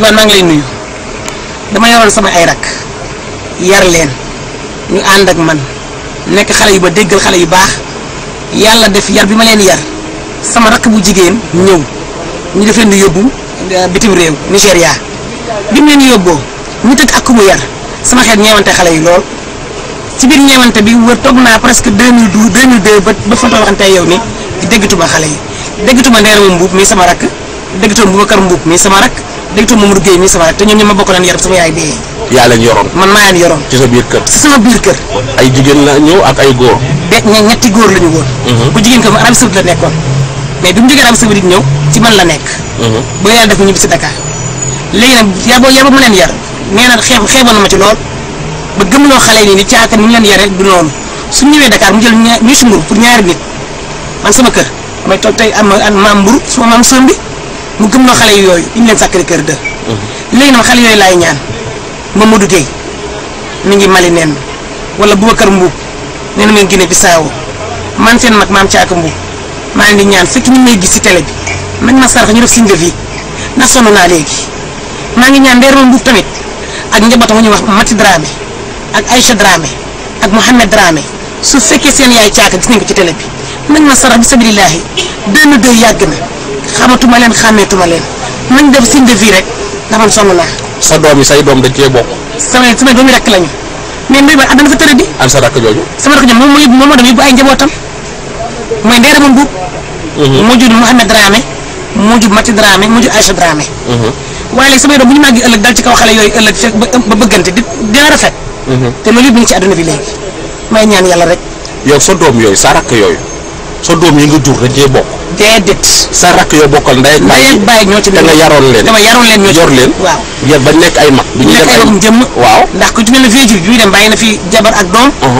may ban ngi lay nuyu dama yoroon sama ay rak yar leen ñu ànd ak man nekk xale yu ba déggal xale yu baax yàlla def yar bi ma leen yar sama rakk bu jigéen ñëw ñu def leen di yóbbu euh, bitim réew Nigéria bi mu leen yóbboo ñu tëgg ak ku mu yar sama xeet ñeewante xale yi lool ci biir ñeewante bi wër toog naa presque 2012 2002 ba ba fa waxante yow ni déggatuma xale yi déggatuma Ndeer Mbuub mii sama rakk déggatuma Boubacar Mbuub mii sama rakk day tudd Mamadou Guèye mii sama rek te ñoom ñi ma bokk leen yar sama yaay dee. yaa leen yoroon man maa leen yoroon. ci sa biir sama biir kër. ay jigéen la ñëw ak ay góor. be eh, ñetti góor la ñu woon. ku mhm. jigéen ko mu Arabie la nekkoon mais bi mu jógee Arabie Saoudite ñëw man la nekk. Mhm. ba yàlla si Dakar léegi nag yar boo yar ba leen yar nee na xeeb xeeboon na ma ci lool ba gëmloo xale yi ni caaka ni ñu leen yaree du noonu su ñëwee Dakar mu jël ñaar ñuy sumbur pour ñaari nit man sama kër damay toog tey am maam mburu suma maam sëmbi mu gëm noo xale yooyu ñu leen Sacré Cœur 2. Mhm. léegi nag xale yooyu laay ñaan Mamadou Gueye mi ngi Mali nen wala Boubacar mbub nee na mi ngi Guinée Bissau man seen mag maam Caaka Mbuub maa ngi ñaan fekk ñu may gis si tele bi nañ ma sarax ñu def signe de vie ndax naa léegi maa ngi ñaan Ndeer Mbuub tamit ak njabootam ñu wax Mati Dramé ak Aïcha Dramé ak Mohamed Dramé su fekkee seen yaay Caaka gis nañ ko ci télé bi nañ ma sarax bi sabilillahi benn dëy yàgg na. xamatuma leen xàmmeetuma leen nañ def signe de vie rek ndax man sonn naa. sa doom yi say doom dañ jee bokk. samay samay doom yi rek lañu mais mbéy ba fa tëra di. an sa rakk sama rakk moom moo yóbbu moom moo dem yóbbu ay njabootam mooy Ndeye Ramane mhm. moo jur Mouhamed Dramé moo jur Mati Dramé moo jur Aïcha Dramé. Mhm. waaye léegi samay doom bu ñu màggi ëllëg dal ci kaw xale yooyu ëllëg fekk ba bëggante di dina rafet. Mhm. te loolu yëpp ñu ngi ci àdduna bi léegi may ñaan yàlla rek. yow sa doom yooyu sa rakk yooyu soo doom yi nga jur da cee bokk. déedéet. sa rakk yoo bokkal ndey. ndey ak bàyyi ñoo ci da nga yaroon leen. dama yaroon leen ñoo ci yor leen. waaw yar ba nekk ay mag. bu ñu nekk ay mag jëmm. waaw ndax ku ci mel ne bàyyi na fi ne bàyyi bi na fi jabar ak doom. Uh-huh.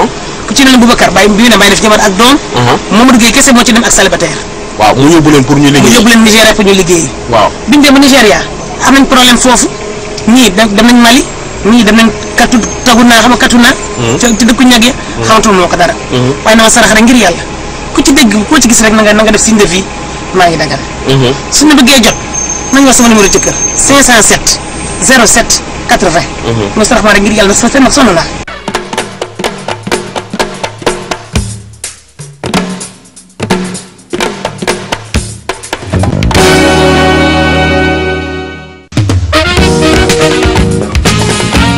Uh-huh. Mamadou Gueye kese moo ci dem ak célibataire. waaw mu yóbbu leen pour ñu liggéey mu pour ñu liggéey. waaw dem ba Nigéria am foofu ñii dem nañ Mali ñii dem kattu tagu naa xam kattu naa. Uh-huh. ci dëkku ñag ya xamatuma ko dara. waaye na ma sarax ku ci dégg koo ci gis rek na nga na nga def signe de vie maa ngi dagal. Mhm. suñu la bëggee jot nañu wax sama numéro ci kër 507 07 80. mu sarax ma rek ngir yàlla na sax seen nag